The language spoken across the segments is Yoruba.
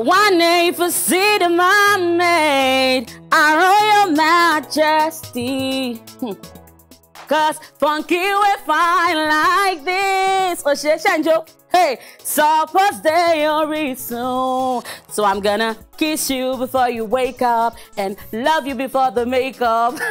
One name for city my maid, our royal majesty. Hmm. Cause funky we fine like this. Oshe Shanjo. Hey, supper's day orísun. So I'm gonna kiss you before you wake up and love you before the makeup.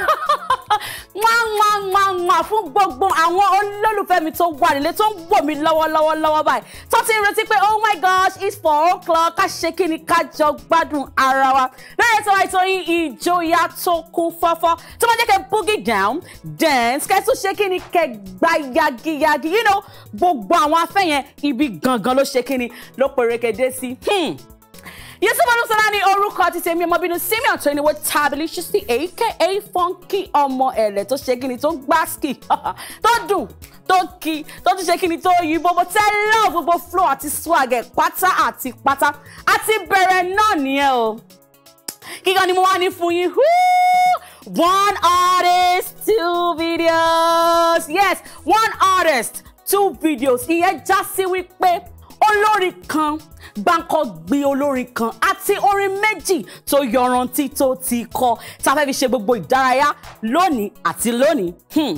Mwa-mwa-mwa-mwa fún gbogbo àwọn olólùfẹ́ mi tó wà nílé tó ń wò mí lọ́wọ́lọ́wọ́lọ́wọ́ báyìí. Tó ti ń retí pé oh my gosh it's four o'clock ká ṣe kí ni ká jọ gbádùn ara wa. Lẹ́yìn tí wọ́n ètò yín ìjọyà tó kún fọ́fọ́ tó máa jẹ́ kẹ́ boogie down dance kẹ́ tún ṣe kí ni kẹ́ gba yagiyagi. You know gbogbo àwọn afẹ́ yẹn ibi gangan ló ṣe kíni ló pèrèkèdé sí. Hmm. Yusuf Olúṣọlá ní orúkọ ti tèmi ọmọbìnrin Simeon tó ẹniwó Tabilisisi aka Funky ọmọ ẹ̀lẹ̀ tó ṣe kíni tó ń gbá ski tó dùn tó kí tó tún ṣe kíni tó yí gbogbo tẹ́lẹ̀ gbogbo flow àti swagẹ̀ pátá àti pátá àti bẹ̀rẹ̀ náà nìyẹn o kíkan ni mo wá ní fún yín one artist two videos yes one artist two videos ìyẹn já sí wípé olórin kan gbáǹkọ́gbìn olórin kan àti orin méjì tó yọrantí tó ti kọ tá a fẹ́ fi ṣe gbogbo ìdárayá lónìí àti lónìí. Hmm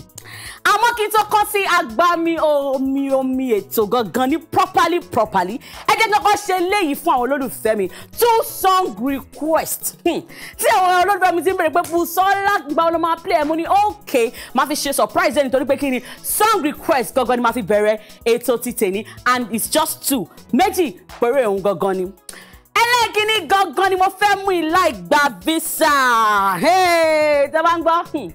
àmọ́ kí n tó kọ́ sí agbami omi omi ètò gangan ní properly properly ẹ jẹ́ kọ́kọ́ ṣe léyìí fún àwọn olólùfẹ́ mi two song request hmm. tí àwọn olólùfẹ́ mi ti ń bèrè pé Bùsọ́lá gba ọ̀nà máa play ẹ̀ mú ni ok máa fi ṣe surprise ẹ̀ nítorí pé kí ni song request gangan ni máa fi bẹ̀rẹ̀ ètò ti tèmi and it's just two méjì péré òun gangan ni ẹlẹ́ẹ̀kíní gangan ni mo fẹ́ mú ìlà ìgbà visa tẹ́ bá ń gbọ́. Hmm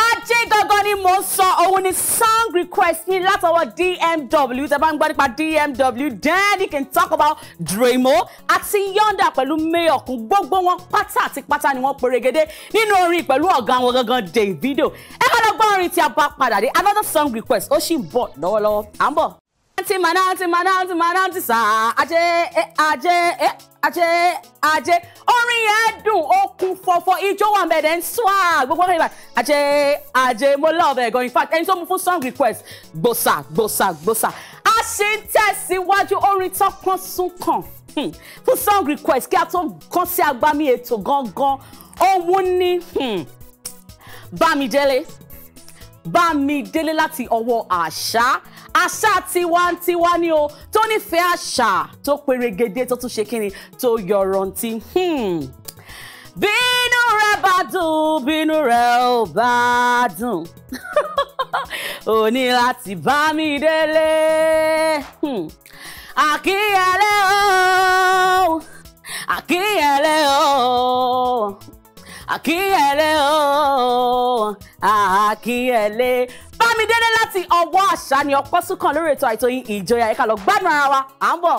ajé gangan ni mò ń sọ òun ni song request ní látọwọ́ DMW tẹ bá ń gbọ́ nípa DMW then can talk about Dremo àti Yonda pẹ̀lú Mayokun gbogbo wọn pátá àti pátá ni wọ́n perégedé nínú orin pẹ̀lú ọ̀gá wọn gangan Davido ẹ bá lọ gbọ́ orin tí a bá padà dé another song request ó sì ń bọ̀ lọ́wọ́lọ́wọ́ à ń bọ̀. mananti mananti mananti mananti sa ajé eh, ajé eh, ajé ajé orin yẹn dùn ó kún fọ́fọ́ ijó wà mẹ́ẹ̀dẹ̀ ń swag gbogbo ọ̀rẹ́ ìbàdàn ajé ajé mo love ẹ̀ gan in fact ẹni tó mú fún song request gbòsà gbòsà gbòsà a ṣe ń tẹ̀síwájú orin tọkàn súnkàn hmm, fún song request kí a tó kàn sí agbámi ètò gangan òun ni hmm, Bámidélé Bámidélé láti ọwọ́ àṣà àṣà tiwantiwa ni o tó nífẹ̀ẹ́ àṣà tó perégedé tó tún ṣe kíni tó yọrantí. Hmm. bínú rẹ bá dùn bínú rẹ ò bá dùn o ní láti bá mi délé hmm. àkíyẹlẹ o àkíyẹlẹ o àkíyẹlẹ o àkíyẹlẹ Bámidélé láti ọwọ́ àṣà ni ọpọ́ súnkàn lórí ètò àìtòyìn ìjọyà ẹ̀ka lọ gbádùn ara wa à ń bọ̀.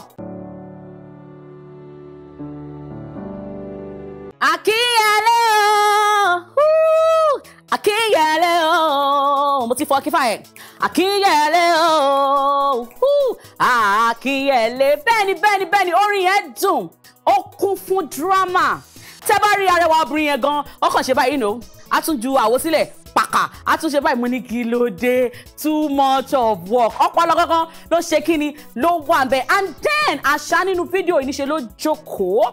àkíyèlé o àkíyèlé o mo ti fọ kífà yẹn àkíyèlé o àkíyèlé bẹ́ẹ̀ni bẹ́ẹ̀ni bẹ́ẹ̀ni orin yẹn dùn ó kún fún dírámà tẹ́ bá rí arẹwà obìnrin yẹn gan ọkàn ṣe báyìí nù á tún ju àwo sílẹ̀ pàkà àtúnṣe báyìí mo ní kí ló dé too much of work ọpọlọ kankan ló ṣe kí ni ló wà bẹ́ẹ̀ and then àṣà nínú fídíò ìníṣe ló jókòó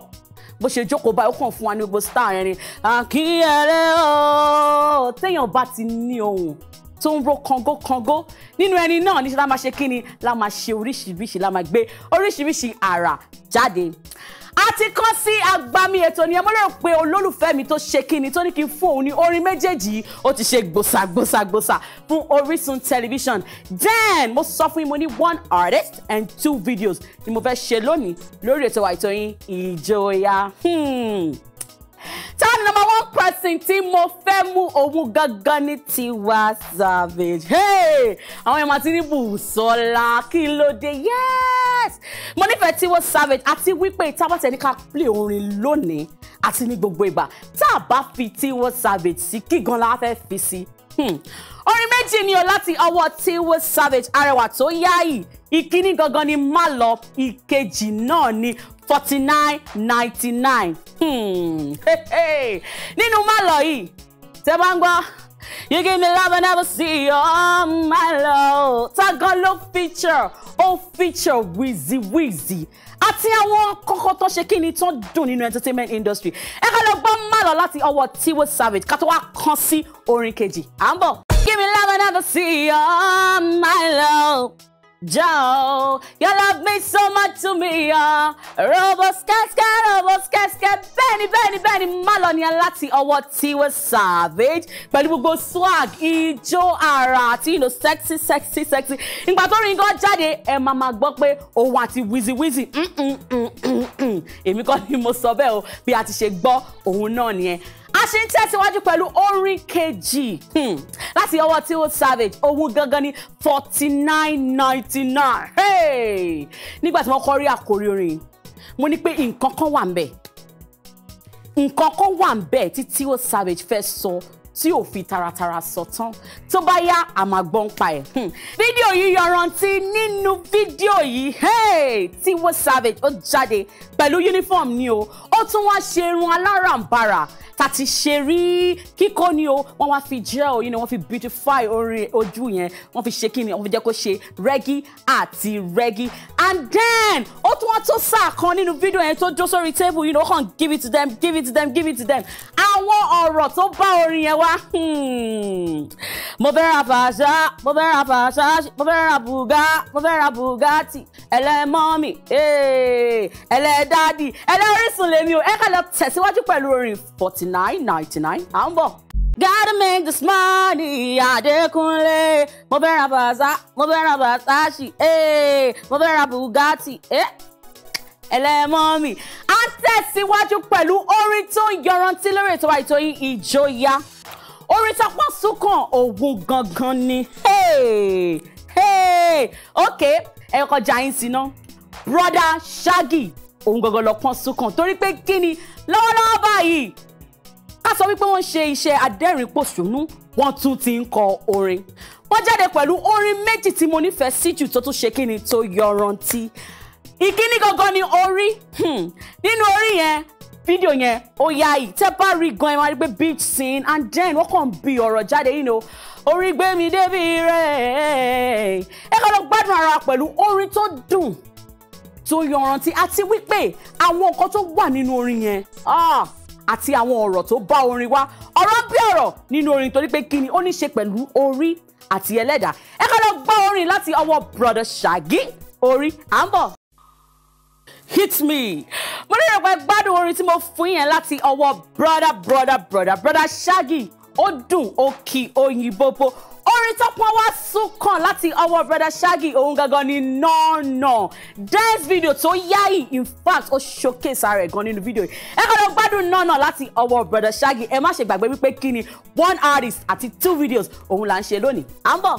bó ṣe jókòó báyìí ó kàn fún wa ní gbogbo star yẹn ni àkíyẹrẹ ooo téèyàn bá ti ní ohun tó ń ro kangókangó nínú ẹni náà níṣẹ́ la máa ṣe kí ni la máa ṣe oríṣiríṣi la máa gbé oríṣiríṣi àrà jáde a ti kán sí agbami ètò ni ẹ mọ́ lérò pé olólùfẹ́ mi tó ṣe kíni tó ní kí n fún òun ní orin méjèèjì yìí ó ti ṣe gbòsàgbòsàgbòsà fún Orísun tẹlifíṣàn then mo sọ fún yín mo ní one artist and two videos ni mo fẹ́ ṣe lónìí lórí ètò àìtó yín ìjọya. Hmm ta number one person tí mo fẹ́ mú òun gangan ní Tiwa Savage àwọn èèyàn ti ní Bùsọ́lá kí ló dé yes mo nífẹ̀ẹ́ Tiwa Savage àti wípé tábàtẹ̀ ní ká play orin lónìí àti ní gbogbo ìgbà tá a bá fi Tiwa Savage sí kí gan la fẹ́ fi sí i. Hmm. orin méjì ni o láti ọwọ́ Tiwa Savage arẹwà tó yáàyì ìkíní gangan ni má lọ ìkejì náà ni forty nine ninety nine hmm. nínú má lọ yìí tẹ́ bá ń gbọ́. You give me love and never see all my love. Tagalog feature, oh feature wheezy, wheezy. Ati àwọn kọ́kọ́ tó ṣe kí ni tó dùn entertainment industry. Ẹ ká lọ gbọ́ má lọ láti ọwọ́ Tiwo Savage ká tó wá kán sí orin kejì. À Give me love and never see all my love. Joe, you love me so much to me, uh, Robo Sky Sky lọ ni láti ọwọ́ Tiwa Savage pẹ̀lú gbogbo swag ijó ara àti you know sexy sexy sexy ìgbà tó rin gan jáde ẹ máa máa gbọ́ pé òun àti wizzy wizzy mm, mm, mm, èmi kọ́ ni mo sọ bẹ́ẹ̀ o bí a ti ṣe gbọ́ òun náà nìyẹn a ṣe ń tẹ̀síwájú pẹ̀lú orin kejì hmm. láti ọwọ́ Tiwa Savage owó gangan ní forty nine ninety nine nígbà tí wọ́n kọ́ rí àkórí orin mo ní pé nǹkan kan wà ń bẹ̀ nǹkan kan wà ń bẹ̀ tí Tio Savage fẹ́ sọ tí ò fi taratara sọ tán tó bá yá àmàgbọ́n ń pa ẹ̀. Hmm. fídíò yìí yọrantí nínú fídíò yìí Tio Savage ó jáde pẹ̀lú uniform ni o ó tún wá ṣe irun alárànbarà ta ti ṣe rí kíkọ́ ni o wọ́n wá fi gel you know wọ́n fi beautify orin ojú yẹn wọ́n fi ṣe kíni wọ́n fi jẹ́ kó ṣe rẹ́gí àti rẹ́gí and then ó tún wọ́n tó sáà kan nínú fídíò yẹn tó jó sórí table you know kàn give it to them give it to them give it to them àwọn ọ̀rọ̀ tó bá orin yẹn wá hmm. mo fẹ́ ra fàṣà mo fẹ́ ra fàṣà mo fẹ́ ra bùgá mo fẹ́ ra bùgátì ẹlẹ́mọ́mì eh, ẹlẹ́dádì ẹlẹ́rìsùn lèmi o ẹ kàn lọ tẹ̀síwájú pẹ̀lú orin forty nine ninety nine à ń bọ̀. Gotta make this money, Adekunle. Mo fẹ́ ra bàtà, mo fẹ́ ra Versace, eh. mo fẹ́ ra Bugatti eh. ẹlẹ́mọ́ mi. a tẹ̀síwájú pẹ̀lú orin tó ń yọrantí lórí ètò àìtó yín ìjọya orin tó pọ̀ súnkàn ògùn gangan ni. hey hey ok ẹ kọjá yín síná broda Shaggy òun gangan lọ pọ́n súnkàn torí pé kí ni lọ́wọ́lọ́wọ́ báyìí ká sọ wípé wọ́n ń ṣe iṣẹ́ adẹ́rìn-pòṣónú wọ́n tún ti ń kọ orin wọ́n jáde pẹ̀lú orin méjì tí mo nífẹ̀ẹ́ sí jù tó tún ṣe kíni tó yọrantí ìkíní gangan ni orí hmm. nínú orí yẹn fídíò yẹn ó yá yìí tẹ́ bá rí gan ẹ máa rí pé beach scene and then wọ́n kàn bí ọ̀rọ̀ jáde yìí ni o orí gbé mi débi rẹ̀ ẹ kàn lọ gbádùn ara pẹ̀lú orin tó dùn tó yọrantí àti wípé àwọn nǹkan tó wà nínú orin yẹn ah! àti àwọn ọ̀rọ̀ tó bá orin wá ọ̀rọ̀ bí ọ̀rọ̀ nínú orin torí pé kíni ó ní ṣe pẹ̀lú orí àti ẹlẹ́dàá ẹ ká lọ gbọ́ orin láti ọwọ́ brother Shaggy orí à ń bọ̀. hit me mo ní ìrọ̀pẹ́ gbádùn orin tí mo fún yẹn láti ọwọ́ brother brother brother brother Shaggy ó dùn ó kì òyìnbó po orin tó pọ́n wá sí tún kàn láti ọwọ́ brother Shaggy òun gangan ni nọ́ọ̀nà dance video tó yáyì in fact ó showcase ara ẹ̀ gan nínú video. yìí ẹ kọ́ lọ gbádùn nọ́ọ̀nà láti ọwọ́ brother Shaggy ẹ má ṣe gbàgbé wípé kí ni one artist àti two videos òun là ń ṣe lónìí à ń bọ̀.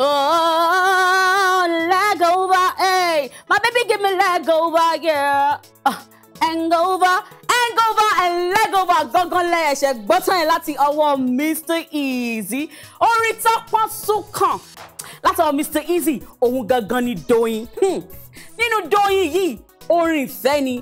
Oh, leg over, hey, my baby give me leg over, yeah, uh, and over ẹlẹ́gọ̀wà gángan lẹ́ẹ̀ṣẹ̀ gbọ́tàn yẹn láti ọwọ́ Mr Easy orin tó pọ́n sún kàn látọwọ́ Mr Easy òun gangan ni Doyin hmm. nínú Doyin yìí orin ìfẹ́ ni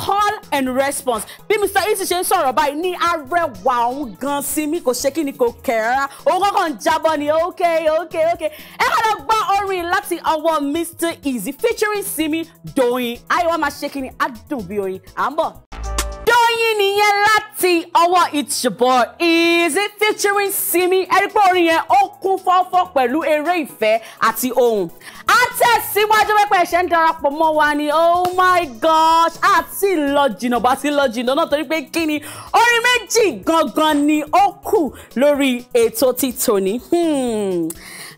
call and response bí Mr Easy ṣe ń sọ̀rọ̀ báyìí ní arẹwà òun gan sí mi kò ṣe kí ni kò kẹ̀ra òun kọ́kọ́ ń jábọ̀ ni ok ok ok ẹ kọ́ lọ gbọ́ orin láti ọwọ́ Mr Easy featuring Simi Doyin ayé wọn máa ṣe kí ni á bí oyin à ń bọ̀ yẹn láti ọwọ́ It's Your Boy Eazy featuring Simi ẹ̀rípọ̀ orin yẹn ó kún fọ́fọ́ pẹ̀lú eré ìfẹ́ àti ohùn. a tẹ̀síwájú ẹ̀ṣẹ̀ ń darapọ̀ mọ́ wa ni oh my gosh a ti lọ jìnnà bá ti lọ jìnnà náà torí pé kí ni orin méjì gangan ni ó kù lórí ètò ti tòní. Hmm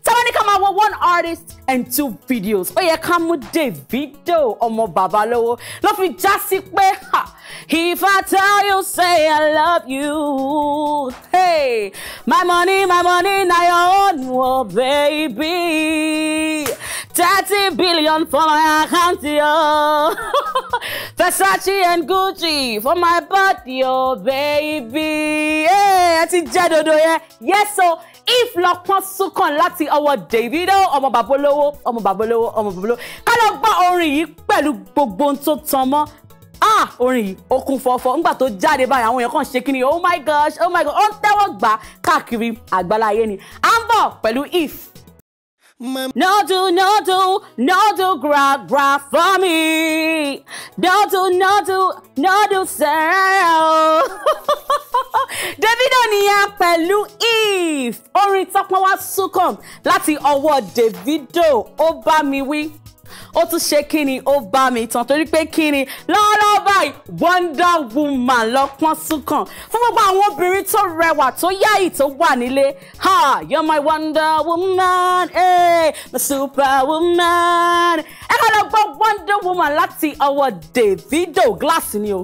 táwọn ní ká máa wọ one artist and two videos ó yẹ ká mú Davido ọmọ bàbá lọ́wọ́ ló fi já sí pé if I tell you say I love you hey my money my money na your own oh, baby thirty billion for my account yo Versace and Gucci for my body oh, baby ẹ ti jẹ́ dodo yẹn yes oh ìfilọ̀pọ̀n sunkan láti ọwọ́ Davido ọmọ babolówó ọmọ babolówó ọmọ babolówó ká lọ gbọ́ orin yìí pẹ̀lú gbogbo ohun tó tan mọ́ ah orin yìí ó kún fọ́fọ́ nígbà tó jáde báyìí àwọn èèyàn kan ṣe kí ni oh my gosh oh my god ó ń tẹ́wọ́ gbà káàkiri àgbáláyé ni à ń bọ̀ pẹ̀lú if. No do, no do, no do, gra gra for me. No do, no do, no do, sir. Davido nìyẹn pẹ̀lú if orin tọ́pọ̀ wá sukùn láti ọwọ́ Davido ó bá mi wí ó tún ṣe kí ni ó bá mi tán torí pé kí ni lọ́wọ́lọ́wọ́ báyìí wonder woman lọ́pọ́n súnkàn fún gbogbo àwọn obìnrin tó rẹwà tó yáyì tó wà nílé ha you're my wonder woman hey, eh, my super woman ẹ kọ́ lọ gbọ́ wonder woman láti ọwọ́ Davido glass ni o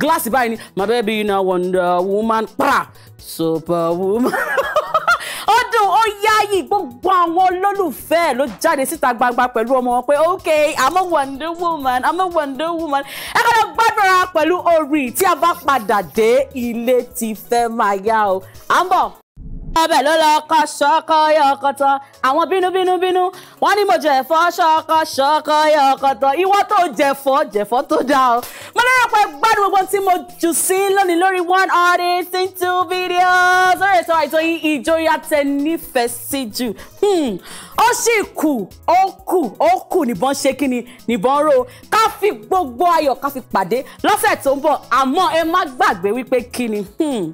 glass báyìí ni my baby you na wonder woman pra super woman. Táyì gbogbo àwọn olólùfẹ́ ló jáde síta gbangba pẹ̀lú ọmọ wọn pé ok I'm a Wonder Woman I'm a Wonder Woman ẹ kọ́ lọ gbádùn ara pẹ̀lú orí tí a bá padà dé ilé ti fẹ́ máa yá o à ń bọ̀ ọbẹ̀ ló lọ kọ ṣọkọ yọkọtọ àwọn bínúbínú bínú wọn ní mo jẹ ẹ̀fọ́ ṣọkọ ṣọkọ yọkọtọ ìwọ tó jẹ̀fọ́ jẹ̀fọ́ tó dá o. mo lérò pé gbádùn gbogbo tí mo jù sí lónìí lórí one audience thing two videos lórí ìṣòro àìtó yín ìjòyè àtẹnífẹ̀ẹ́ sí jù. Hmm ó sì kù ó kù ó kù nìbọn ṣe kí ni nìbọn ró ká fi gbogbo ayọ̀ ká fi pàdé lọ́sẹ̀ tó ń bọ̀ àmọ́ ẹ má gbàgbé wípé kí ni hmm.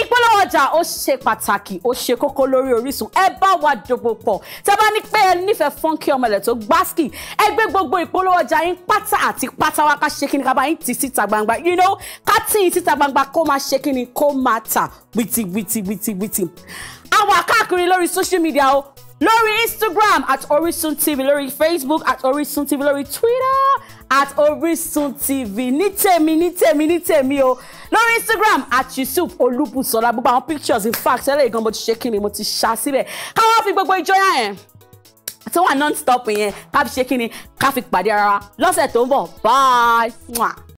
ìpolówó ọjà ó ṣe pàtàkì ó ṣe kókó lórí Orísun ẹ bá wa dòbò pọ̀ tẹ́ bá ní pé ẹ nífẹ̀ẹ́ fọ́nkì ọmọlẹ̀ tó gbásíkì ẹ gbé gbogbo ìpolówó ọjà yín pátá àti pátá wa ká ṣe kí ni ká bá yín tì síta gbangba you know ká tì yín síta gbangba kó máa ṣe kí ni kó máa tà wìtìwìtìwìtìwìtì àwa káàkiri lórí social media o lórí Instagram at Orisun TV lórí Facebook at Orisun TV lórí Twitter at Orisun TV ní tèmi ní tèmi ní tèmi o lórí Instagram at Yusuf Olúbùsọ̀lá gbogbo àwọn pictures in fact ṣẹlẹ̀ ìgan mo ti ṣe kí ni mo ti ṣá síbẹ̀ káwọn fi gbogbo ìjọyà yẹn tó wà non-stop yẹn ká fi ṣe kí ni ká fi pàdé ara lọ́sẹ̀ tó ń bọ̀ bye.